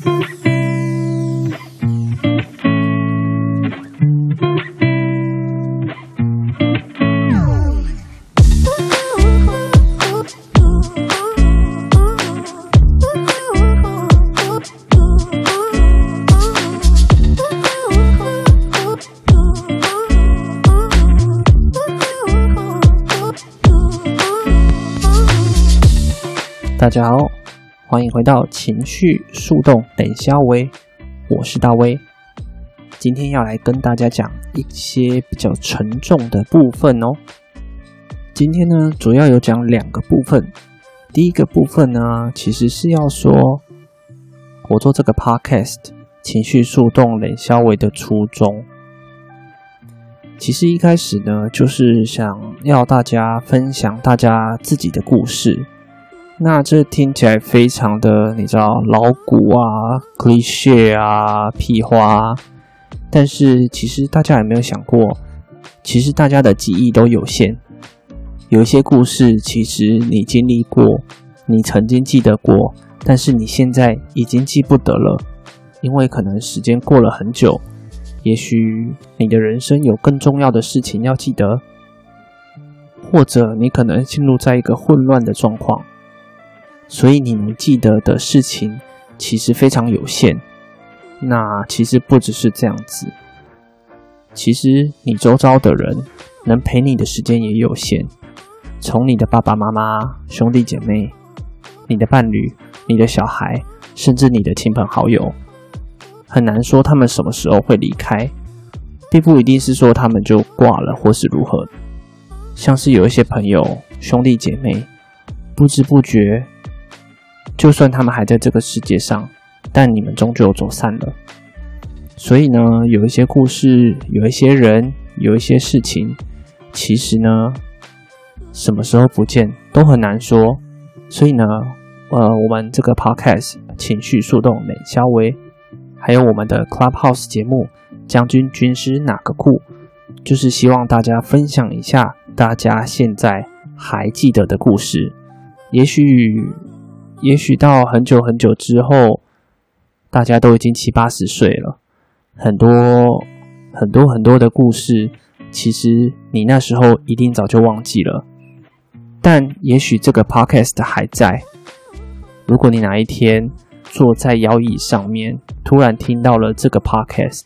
大家好。歡迎回到情緒樹洞冷消微，我是大威。今天要來跟大家講一些比較沉重的部分哦。今天呢，主要有講兩個部分。第一個部分呢，其實是要說，我做這個 podcast《情緒樹洞冷消微》的初衷。其實一開始呢，就是想要大家分享大家自己的故事。那這聽起來非常的，你知道老古啊、cliche 啊、屁話啊。但是其實大家有沒有想過，其實大家的記憶都有限。有一些故事，其實你經歷過，你曾經記得過，但是你現在已經記不得了，因為可能時間過了很久，也許你的人生有更重要的事情要記得，或者你可能進入在一個混亂的狀況。所以你能記得的事情，其實非常有限。那其實不只是這樣子，其實你周遭的人能陪你的時間也有限。從你的爸爸媽媽、兄弟姐妹、你的伴侶、你的小孩，甚至你的親朋好友，很難說他們什麼時候會離開，並不一定是說他們就掛了或是如何。像是有一些朋友、兄弟姐妹，不知不覺。就算他們還在這個世界上，但你們終究走散了。所以呢，有一些故事，有一些人，有一些事情，其實呢，什麼時候不見都很難說。所以呢，呃，我們這個 podcast《情緒樹洞》美小薇，還有我們的 Clubhouse 節目《將軍軍師哪個酷》，就是希望大家分享一下大家現在還記得的故事，也許。也許到很久很久之後，大家都已經七八十歲了，很多很多很多的故事，其實你那時候一定早就忘記了。但也許這個 podcast 還在。如果你哪一天坐在搖椅上面，突然聽到了這個 podcast，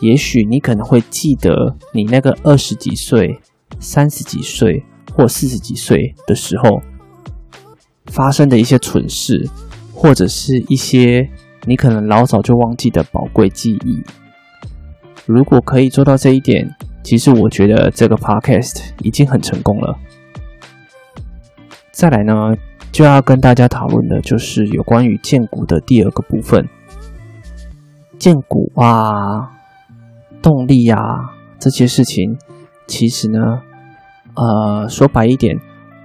也許你可能會記得你那個二十幾歲、三十幾歲或四十幾歲的時候。發生的一些蠢事，或者是一些你可能老早就忘記的寶貴記憶。如果可以做到這一點，其實我覺得這個 podcast 已經很成功了。再來呢，就要跟大家討論的就是有關於薦骨的第二個部分，薦骨啊，動力呀、啊、這些事情，其實呢，呃，說白一點。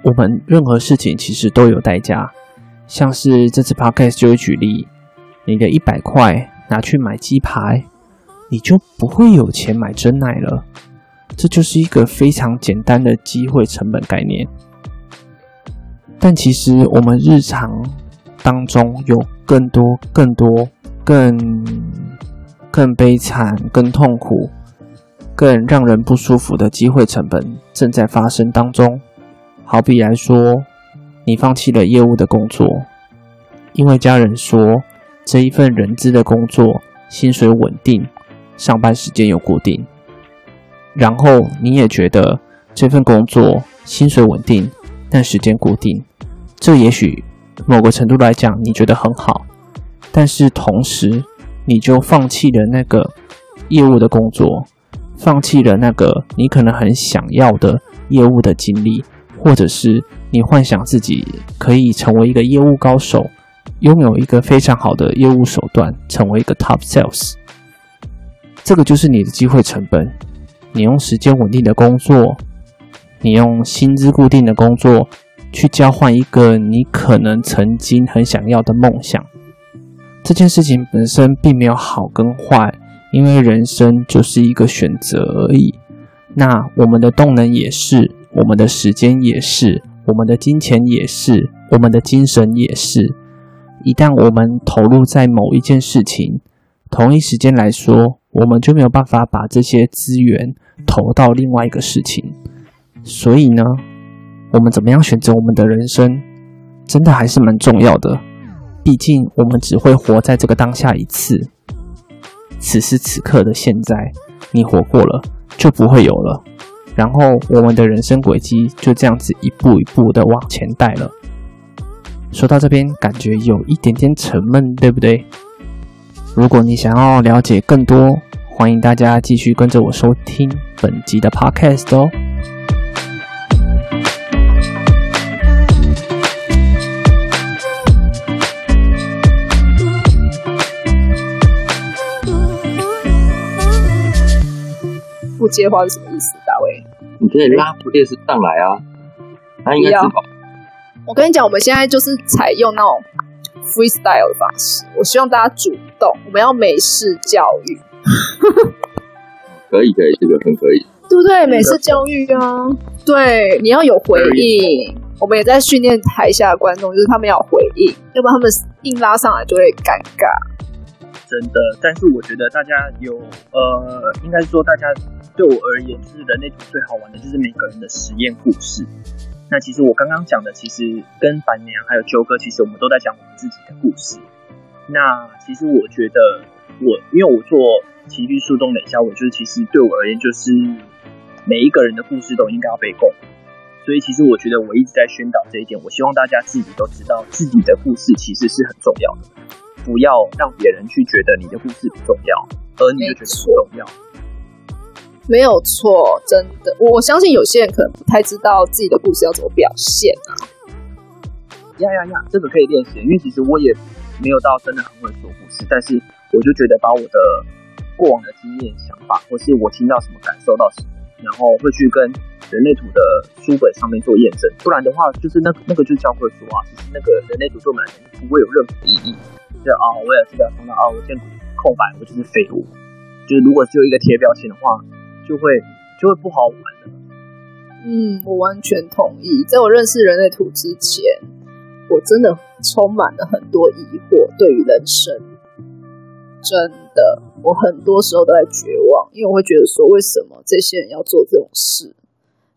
我們任何事情其實都有代價，像是這次 podcast 就會舉例，你的一百塊拿去買雞排，你就不會有錢買珍奶了。這就是一個非常簡單的機會成本概念。但其實我們日常當中有更多、更多、更更悲慘、更痛苦、更讓人不舒服的機會成本正在發生當中。好比來說，你放棄了業務的工作，因為家人說這一份人資的工作薪水穩定，上班時間又固定。然後你也覺得這份工作薪水穩定，但時間固定，這也許某個程度來講你覺得很好，但是同時你就放棄了那個業務的工作，放棄了那個你可能很想要的業務的經歷。或者是你幻想自己可以成為一個業務高手，擁有一個非常好的業務手段，成為一個 top sales。這個就是你的機會成本，你用時間穩定的工作，你用薪資固定的工作，去交換一個你可能曾經很想要的夢想。這件事情本身並沒有好跟壞，因為人生就是一個選擇而已。那我們的動能也是。我們的時間也是，我們的金錢也是，我們的精神也是。一旦我們投入在某一件事情，同一時間來說，我們就沒有辦法把這些資源投到另外一個事情。所以呢，我們怎麼樣選擇我們的人生，真的還是蠻重要的。畢竟我們只會活在這個當下一次。此時此刻的現在，你活過了，就不會有了。然後我們的人生軌跡就這樣子一步一步的往前帶了。說到這邊，感覺有一點點沉悶，對不對？如果你想要了解更多，歡迎大家繼續跟着我收聽本集的 Podcast 哦。不接話是什麼？可以拉不烈是上來啊，他應該知好。我跟你講，我們現在就是採用那種 freestyle 的方式。我希望大家主動，我們要美式教育。可 以可以，這個很可以。對不對？美式教育啊，嗯、對，你要有回應。以我們也在訓練台下的觀眾，就是他們要有回應，要不然他們硬拉上來就會尷尬。真的，但是我覺得大家有，呃，應該是說大家。對我而言，就是是那種最好玩的，就是每個人的實驗故事。那其實我剛剛講的，其實跟板娘還有糾哥，其實我們都在講我們自己的故事。那其實我覺得我，我因為我做情緒樹洞，等一下，我就是其實對我而言，就是每一個人的故事都應該要被供。所以其實我覺得，我一直在宣導這一點。我希望大家自己都知道，自己的故事其實是很重要的，不要讓別人去覺得你的故事不重要，而你就覺得不重要。沒有錯，真的。我，我相信有些人可能不太知道自己的故事要怎麼表現啊！呀呀呀，yeah, yeah, yeah, 這個可以練習，因為其實我也沒有到真的很會說故事，但是我就覺得把我的過往的經驗、想法，或是我聽到什麼、感受到什麼，然後會去跟人類圖的書本上面做驗證。不然的話，就是那個、那個就是教科書啊，其實那個人類圖做滿不會有任何意義。就啊、哦，我也知道。聽到啊、哦，我現在空白，我就是廢物。就是如果只有一個貼標籤的話。就會就會不好玩了。嗯，我完全同意。在我認識人類圖之前，我真的充滿了很多疑惑，對於人生，真的，我很多時候都在絕望，因為我會覺得說，為什麼這些人要做這種事？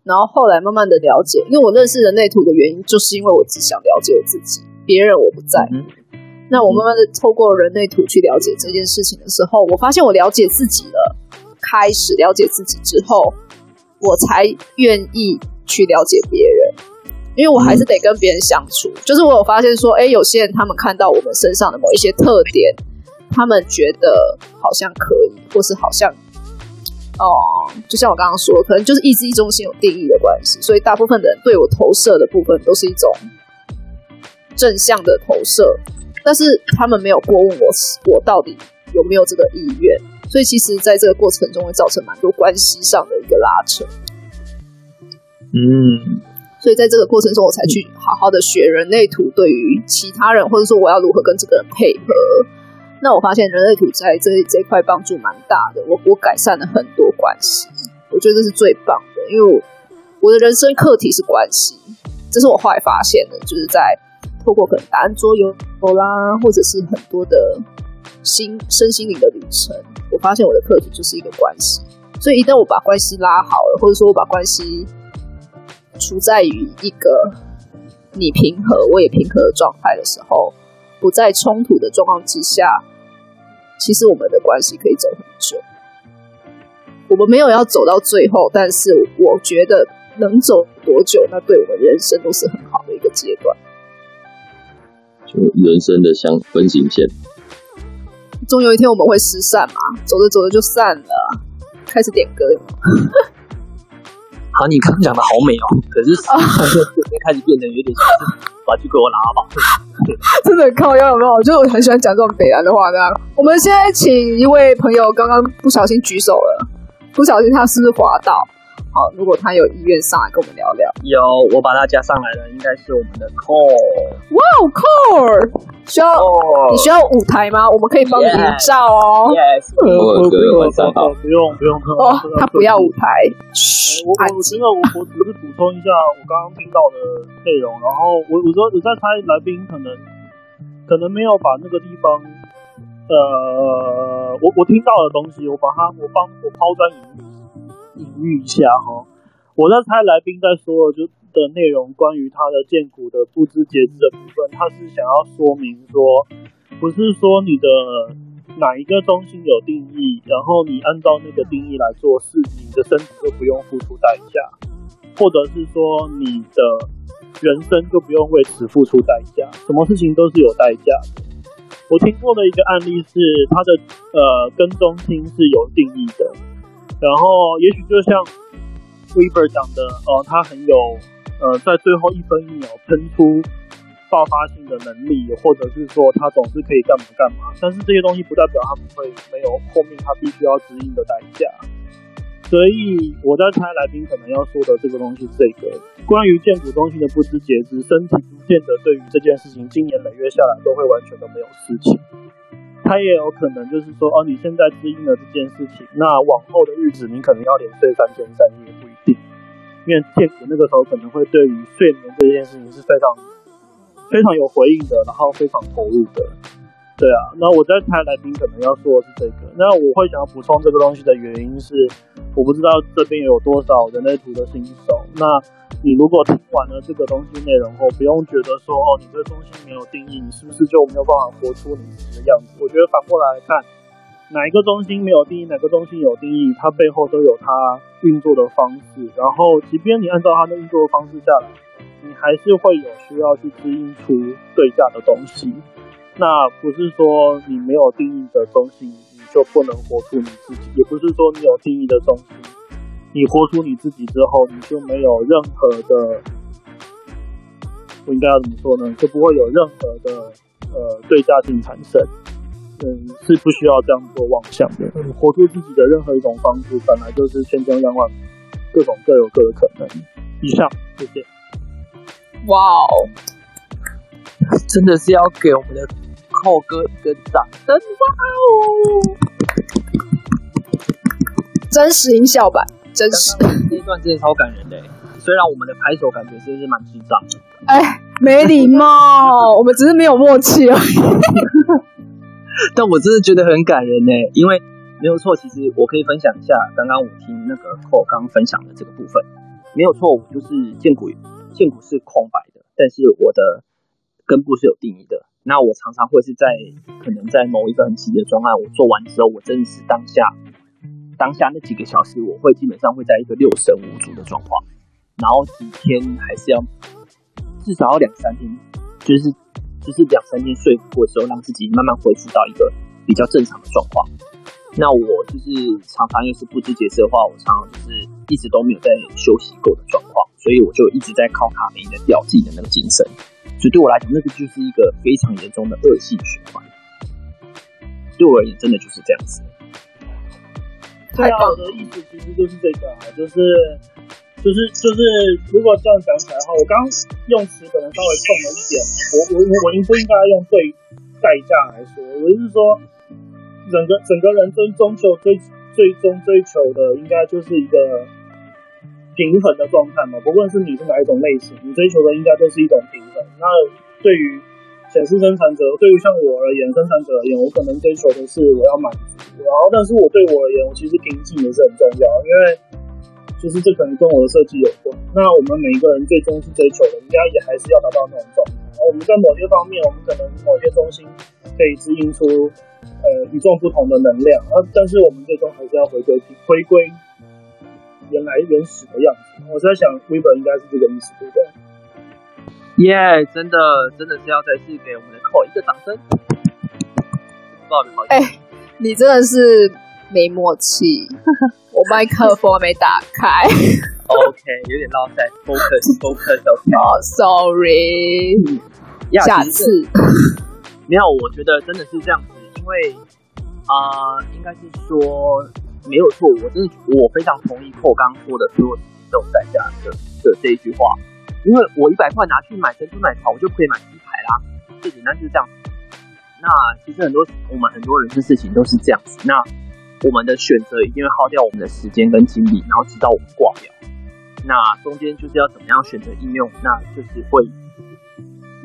然後後來慢慢的了解，因為我認識人類圖的原因，就是因為我只想了解我自己，別人我不在乎。嗯，那我慢慢的透過人類圖去了解這件事情的時候，我發現我了解自己了。開始了解自己之後，我才願意去了解別人，因為我還是得跟別人相處。就是我有發現說，哎、欸，有些人他們看到我們身上的某一些特點，他們覺得好像可以，或是好像哦，就像我剛剛說，可能就是意志中心有定義的關係，所以大部分的人對我投射的部分都是一種正向的投射，但是他們沒有過問我，我到底有沒有這個意願。所以其實，在這個過程中會造成蠻多關係上的一個拉扯。嗯，所以在這個過程中，我才去好好的學人類圖，對於其他人或者說我要如何跟這個人配合。那我發現人類圖在這這一塊幫助蠻大的，我我改善了很多關係，我覺得這是最棒的，因為我，我的人生課題是關係，這是我後來發現的，就是在透過可能打桌遊啦，或者是很多的。心、身心靈的旅程，我發現我的課題就是一個關係。所以一旦我把關係拉好了，或者說我把關係處在於一個你平和、我也平和的狀態的時候，不在衝突的狀況之下，其實我們的關係可以走很久。我們沒有要走到最後，但是我覺得能走多久，那對我們人生都是很好的一個階段。就人生的像分形線。總有一天我們會失散嘛，走着走着就散了。開始點歌。好、 啊，你剛講的好美哦，可是啊，這邊開始變得有點……把這給我拿吧。真的，靠腰有沒有？我覺得我很喜歡講這種北岸的話的。那我們現在請一位朋友，剛剛不小心舉手了，不小心他是滑倒？如果他有意願上來跟我們聊聊，有，我把他加上來了，應該是我們的 core。哇哦、wow，core 需要，oh, 你需要舞台嗎？我們可以幫你拍照哦。yes，不用不用不用不用，不用 oh, 他不要舞台。我，我，我，我，我是補充一下我剛剛聽到的內容，然後我，我說我在猜來賓可能可能沒有把那個地方、呃。我，我聽到的東西，我把它，我幫我拋磚引玉。隱喻一下哈、哦，我在猜來賓在說的就的內容，關於他的薦骨的不知節制的部分，他是想要說明說，不是說你的哪一個中心有定義，然後你按照那個定義來做事，你的身體就不用付出代價，或者是說你的人生就不用為此付出代價，什麼事情都是有代價的。我聽過的一個案例是，他的呃根中心是有定義的。然後，也許就像 w e a v e r 講的，呃，他很有，呃，在最後一分一秒噴出爆發性的能力，或者是說他總是可以幹嘛幹嘛，但是這些東西不代表他不會沒有後面他必須要支付的代價。所以，我在猜來賓可能要說的這個東西是這個：關於薦骨中心的不知節制，身體不見得對於這件事情經年累月下來都會完全的沒有事情。他也有可能就是說，哦，你現在知音了這件事情，那往後的日子你可能要連睡三天三夜，不一定，因為電子那個時候可能會對於睡眠這件事情是非常非常有回應的，然後非常投入的。對啊，那我在台來賓可能要說的是這個，那我會想要補充這個東西的原因是，我不知道這邊有多少人類圖的新手，那。你如果聽完了這個東西內容後，不用覺得說哦，你這個中心沒有定義，你是不是就沒有辦法活出你自己的樣子？我覺得反過來看，哪一個中心沒有定義，哪個中心有定義，它背後都有它運作的方式。然後，即便你按照它的運作方式下來，你還是會有需要去支應出對價的東西。那不是說你沒有定義的東西，你就不能活出你自己；也不是說你有定義的東西。你活出你自己之後，你就沒有任何的，我應該要怎麼說呢？就不會有任何的呃對家庭產生，嗯，是不需要這樣做妄想的。你活出自己的任何一種方式，本來就是千千萬萬，各種各有各的可能。以上，謝謝。哇哦，真的是要給我們的後哥一個掌聲！哇、wow、哦，真實音效版。真是，第一段真的超感人的，雖然我們的拍手感覺其實是蠻智障的。哎、欸，沒禮貌。 我們只是沒有默契而已。 但我真的覺得很感人呢，因為沒有錯，其實我可以分享一下剛剛我聽那個寇剛分享的這個部分，沒有錯誤，我就是薦骨，薦骨是空白的，但是我的根部是有定義的。那我常常會是在可能在某一個很急的狀況，我做完之後，我真的是當下。當下那幾個小時，我會基本上會在一個六神無主的狀況，然後幾天還是要至少要兩三天，就是就是兩三天睡過的時候，讓自己慢慢恢復到一個比較正常的狀況。那我就是常常又是不知節制的話，我常常就是一直都沒有在休息夠的狀況，所以我就一直在靠咖啡因來吊自己的那個精神。所以對我來講，那個就是一個非常嚴重的惡性循環。對我而言，真的就是這樣子。對啊，我的意思其實就是這個啊，就是，就是，就是，如果這樣講起來的話，我剛用詞可能稍微重了一點，我我我應不應該用“對代價”來說？我就是說，整個整個人生中追求最最終追求的，應該就是一個平衡的狀態嘛。不論是你是哪一種類型，你追求的應該都是一種平衡。那對於顯示生產者對於像我而言，生產者而言，我可能追求的是我要滿足，然後但是我對我而言，我其實平靜也是很重要，因為就是這可能跟我的設計有關。那我們每一個人最終是追求的，應該也還是要達到那種狀態。然後我們在某些方面，我們可能某些中心可以指引出呃與眾不同的能量，那但是我們最終還是要回歸回歸原來原始的樣子。我在想，Weber 應該是這個意思，對不對？耶！Yeah, 真的，真的是要再次給我們的扣一個掌聲。不知道意思，哎、欸，你真的是沒默契。我麥克風還沒打開。 OK，有點浪費 Sorry,、嗯。focus，focus，OK。哦，sorry。下次。沒有，我覺得真的是這樣子，因為啊、呃，應該是說沒有錯，我真的，我非常同意扣剛，剛說的說都在這樣的的這一句話。因為我一百塊拿去買珍珠奶茶，我就可以買雞排啦。最簡單就是這樣。那其實很多我們很多人的事情都是這樣子。那我們的選擇一定會耗掉我們的時間跟精力，然後直到我們掛掉。那中間就是要怎麼樣選擇應用，那就是會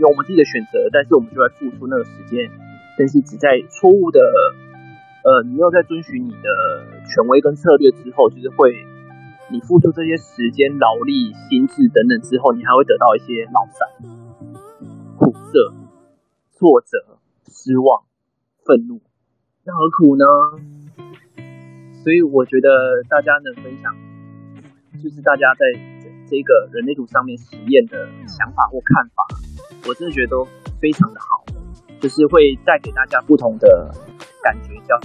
有我們自己的選擇，但是我們就會付出那個時間。但是只在錯誤的，呃，你沒有在遵循你的權威跟策略之後，就是會。你付出這些時間、勞力、心智等等之後，你還會得到一些冒犯、苦澀、挫折、失望、憤怒，那何苦呢？所以我覺得大家能分享，就是大家在這個人類圖上面實驗的想法或看法，我真的覺得都非常的好，就是會帶給大家不同的感覺、交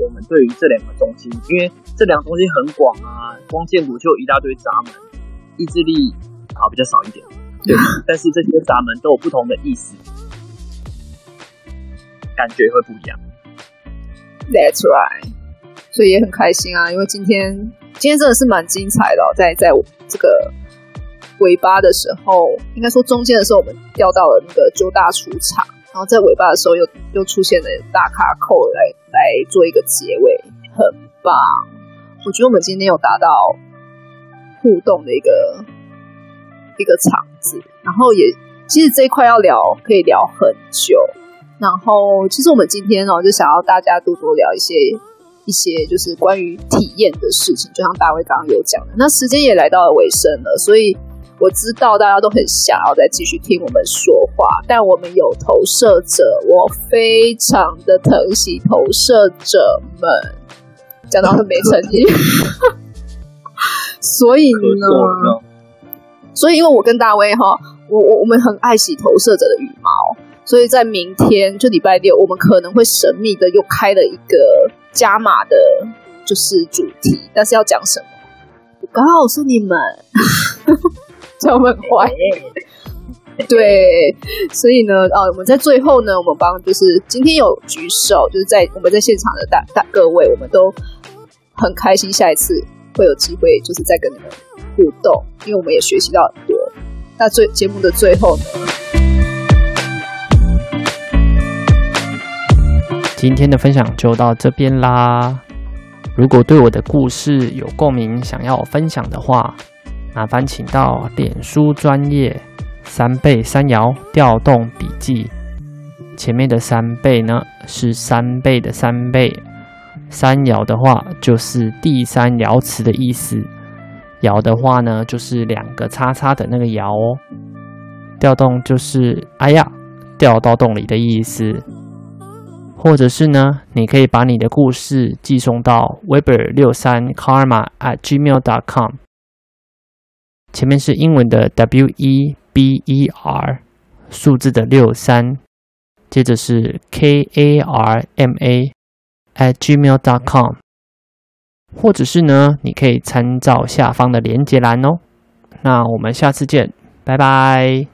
我們對於這兩個中心，因為這兩個中心很廣啊，光薦骨就有一大堆閘門，意志力啊比較少一點，對但是這些閘門都有不同的意思，感覺會不一樣。That's right，所以也很開心啊，因為今天今天真的是蠻精彩的哦，在在我這個尾巴的時候，應該說中間的時候，我們掉到了那個九大廚場。然後在尾巴的時候又又出現了大卡扣來來做一個結尾，很棒。我覺得我們今天有達到互動的一個一個場子，然後也其實這一塊要聊可以聊很久。然後其實我們今天哦就想要大家多多聊一些一些就是關於體驗的事情，就像大衛剛剛有講的。那時間也來到了尾聲了，所以。我知道大家都很想要再繼續聽我們說話，但我們有投射者，我非常的疼惜投射者們，講到很沒誠意，可 所以呢，所以因為我跟大威哈，我我我們很愛洗投射者的羽毛，所以在明天就禮拜六，我們可能會神秘的又開了一個加碼的，就是主題，但是要講什麼？啊、我告訴你們。 懷疑，對，所以呢，哦，我們在最後呢，我們幫就是今天有舉手，就是在我們在現場的大大各位，我們都很開心，下一次會有機會，就是再跟你們互動，因為我們也學習到很多。那最，節目的最後呢，今天的分享就到這邊啦。如果對我的故事有共鳴，想要分享的話。麻煩請到臉書專頁“三倍三爻調動筆記”。前面的“三倍”呢是三倍的三倍，“三爻”的話就是第三爻辭的意思，“爻”的話呢就是兩個叉叉的那個爻哦。調動就是哎呀掉到洞裡的意思，或者是呢，你可以把你的故事寄送到 weber 六三 karma at gmail dot com。前面是英文的 W E B E R，數字的六三，接着是 K A R M A at gmail dot com，或者是呢，你可以參照下方的連結欄哦。那我們下次見，拜拜。